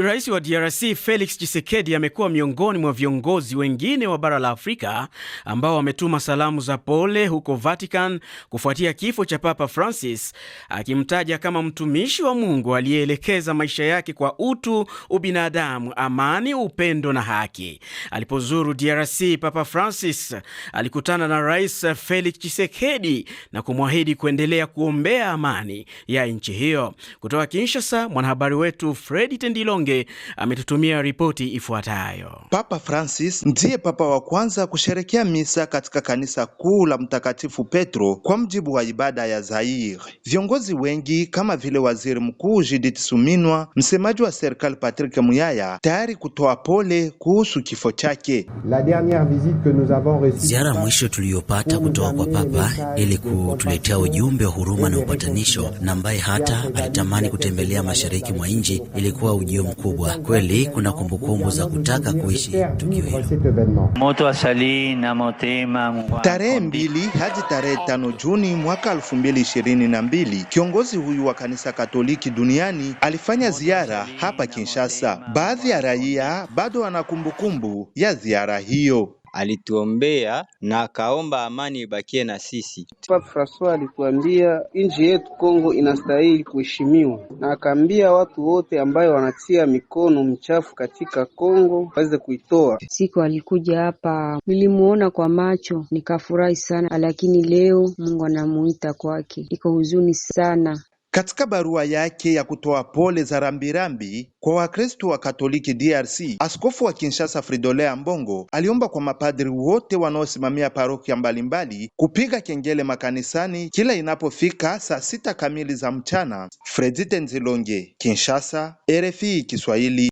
Rais wa DRC Felix Tshisekedi amekuwa miongoni mwa viongozi wengine wa bara la Afrika ambao wametuma salamu za pole huko Vatican kufuatia kifo cha Papa Francis, akimtaja kama mtumishi wa Mungu aliyeelekeza maisha yake kwa utu, ubinadamu, amani, upendo na haki. Alipozuru DRC, Papa Francis alikutana na Rais Felix Tshisekedi na kumwahidi kuendelea kuombea amani ya nchi hiyo. Kutoka Kinshasa, mwanahabari wetu Fredi Tendilong Mkonge ametutumia ripoti ifuatayo. Papa Francis ndiye papa wa kwanza kusherekea misa katika kanisa kuu la Mtakatifu Petro kwa mjibu wa ibada ya Zaire. Viongozi wengi kama vile waziri mkuu Judith Suminwa, msemaji wa serikali Patrick Muyaya tayari kutoa pole kuhusu kifo chake. Ziara mwisho tuliyopata kutoka kwa papa ili kutuletea ujumbe wa huruma na upatanisho, na ambaye hata alitamani kutembelea mashariki mwa nchi, ilikuwa ujio mkubwa kweli. Kuna kumbukumbu za kutaka kuishi tukio hilo. Tarehe mbili hadi tarehe tano Juni mwaka elfu mbili ishirini na mbili kiongozi huyu wa kanisa Katoliki duniani alifanya ziara hapa Kinshasa. Baadhi ya raia bado wana kumbukumbu ya ziara hiyo alituombea na akaomba amani ibakie na sisi. Papa Francois alituambia nchi yetu Kongo inastahili kuheshimiwa, na akaambia watu wote ambayo wanatia mikono mchafu katika Kongo waweze kuitoa. Siku alikuja hapa, nilimuona kwa macho nikafurahi sana, lakini leo Mungu anamuita kwake, iko huzuni sana katika barua yake ya kutoa pole za rambirambi kwa Wakristo wa Katoliki DRC, askofu wa Kinshasa Fridolin Ambongo aliomba kwa mapadri wote wanaosimamia parokia mbalimbali kupiga kengele makanisani kila inapofika saa sita kamili za mchana. Fredite Nzilonge, Kinshasa, RFI Kiswahili.